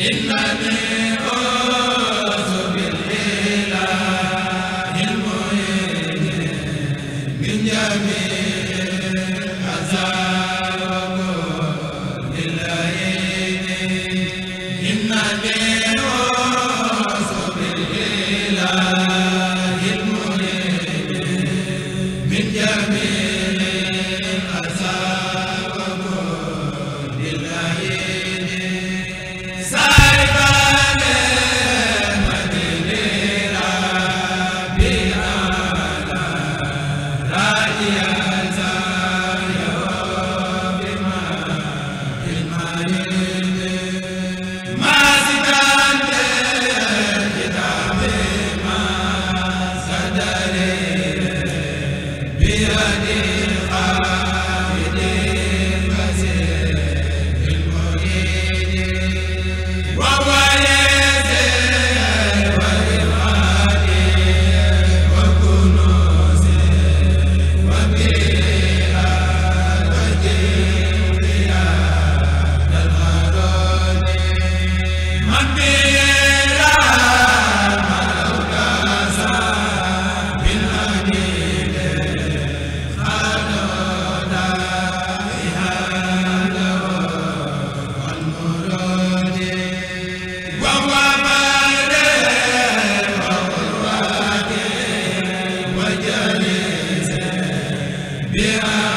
inna bi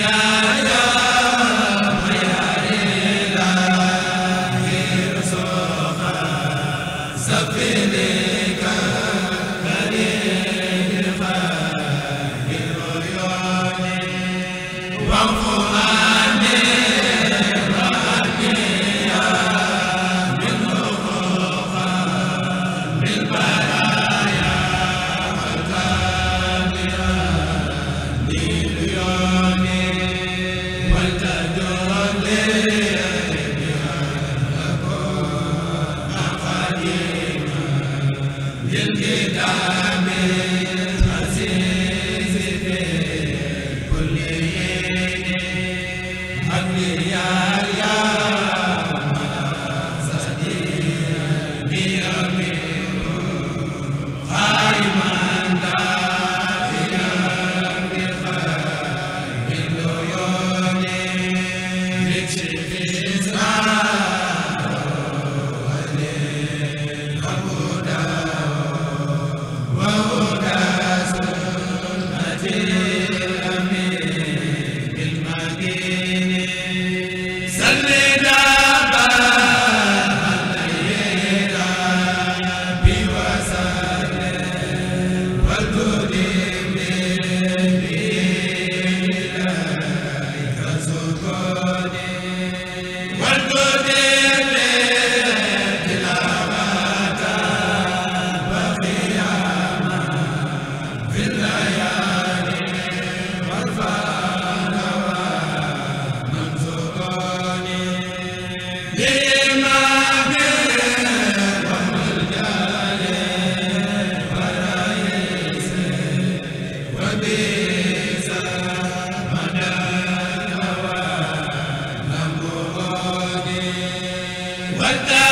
yaa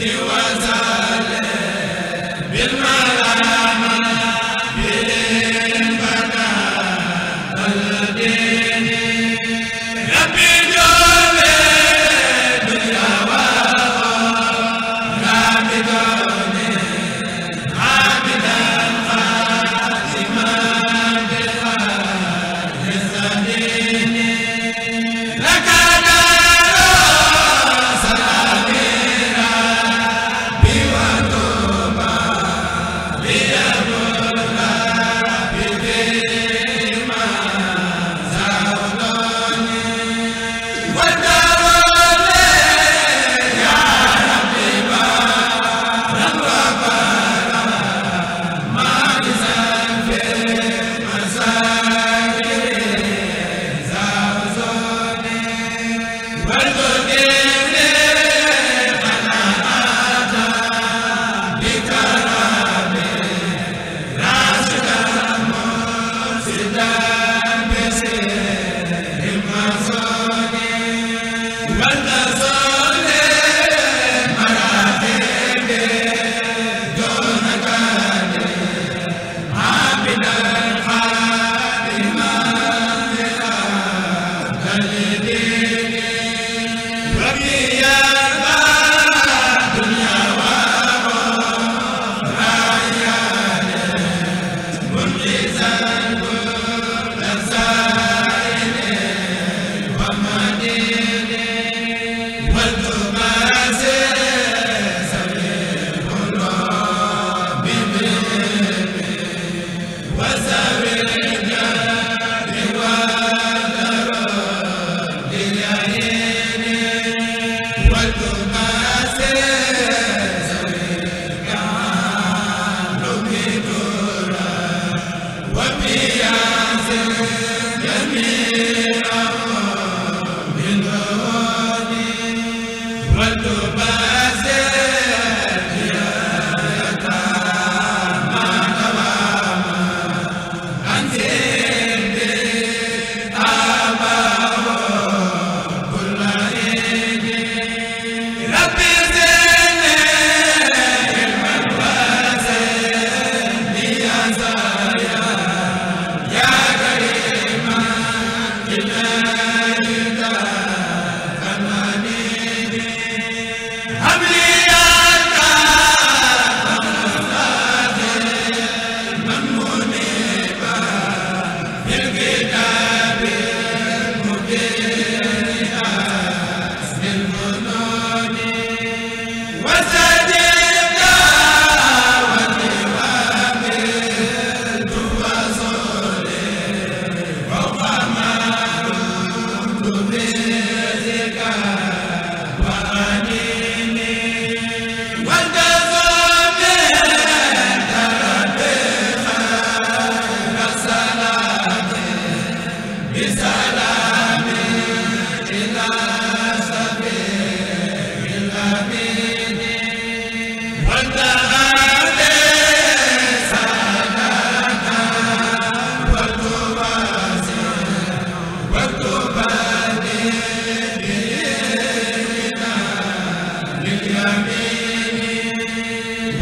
li wasale bil malam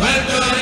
wal